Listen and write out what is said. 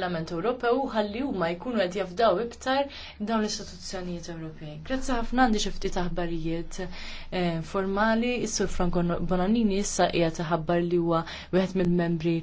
tal-Parlament Ewropew ħalli huma jkunu qed jafdaw iktar dawn l-istituzzjonijiet Ewropej. Grazzi ħafna għandi xi ftit aħbarijiet eh, formali, is-Sur Franco Bonanini issa qiegħed iħabbar li huwa wieħed mill-membri